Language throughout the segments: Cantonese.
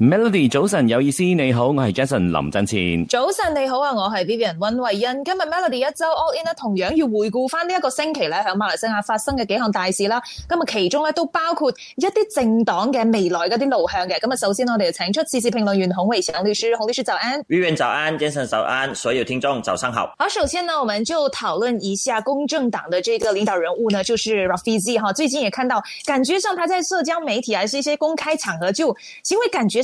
Melody 早晨有意思，你好，我係 Jason 林振前。早晨你好啊，我係 Vivian 溫慧欣。今日 Melody 一周 All In 呢，同樣要回顧翻呢一個星期咧，喺馬來西亞發生嘅幾項大事啦。咁啊，其中咧都包括一啲政黨嘅未來嗰啲路向嘅。咁啊，首先我哋就請出時事評論員洪偉祥律師，洪律師早安，Vivian 早安，Jason 早安，所有聽眾早上好。好，首先呢，我們就討論一下公正黨的這個領導人物呢，就是 Rafizi 哈。最近也看到，感覺上他在社交媒體，還是一些公開場合，就行為感覺。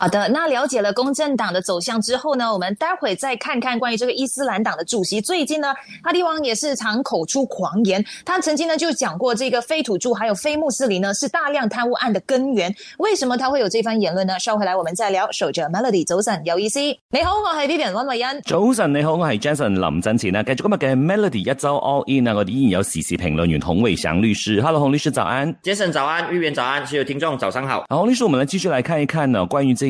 好的，那了解了公正黨的走向之後呢，我們待會再看看關於這個伊斯蘭黨的主席。最近呢，哈迪王也是常口出狂言，他曾經呢就講過，這個非土著還有非穆斯林呢是大量貪污案的根源。為什麼他會有這番言論呢？稍後回來我們再聊。守着 Melody，早晨，有意思。你好，我係 B B 人溫慧欣。早晨，你好，我係 Jason 林振奇呢，繼續今日嘅 Melody 一周 All In 啊，我哋依然有時事評論員洪維祥律師。Hello，洪律師早安。Jason 早安，玉言早安，所有聽眾早上好。好，洪律師，我們嚟繼續來看一看呢，關於這。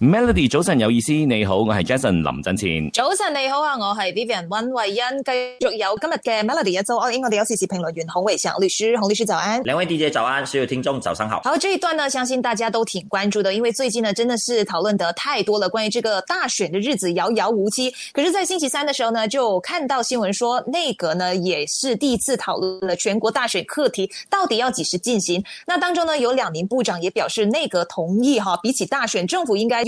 Melody，早晨有意思，你好，我是 Jason 林振前。早晨你好啊，我是 Vivian 溫慧欣。繼續有今日嘅 Melody 一周 All In，我應我哋有時事評論員洪偉祥律師，洪律師早安。兩位 DJ 早安，所有聽眾早上好。好，這一段呢，相信大家都挺關注的，因為最近呢，真的是討論得太多了。關於這個大選的日子遙遙無期，可是，在星期三的時候呢，就看到新聞說內閣呢，也是第一次討論了全國大選課題，到底要幾時進行？那當中呢，有兩名部長也表示內閣同意，哈，比起大選，政府應該。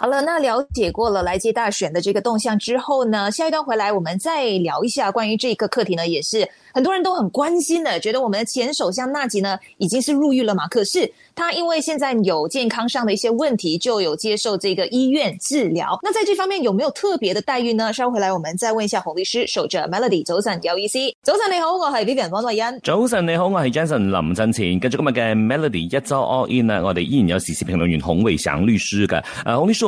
好了，那了解過了，來屆大選的這個動向之後呢，下一段回來我們再聊一下關於這一個課題呢，也是很多人都很關心的，覺得我們的前首相納吉呢，已經是入獄了嘛，可是他因為現在有健康上的一些問題，就有接受這個醫院治療，那在這方面有沒有特別的待遇呢？稍後回來我們再問一下洪律師。守着 Melody，早晨，LVC 早晨你好，我係 Vivian 王諾嫣，早晨你好，我係 Jason 林振前，跟住今日嘅 Melody 一周 All In 我哋依然有時事評論員洪偉翔律師嘅，誒，洪律師。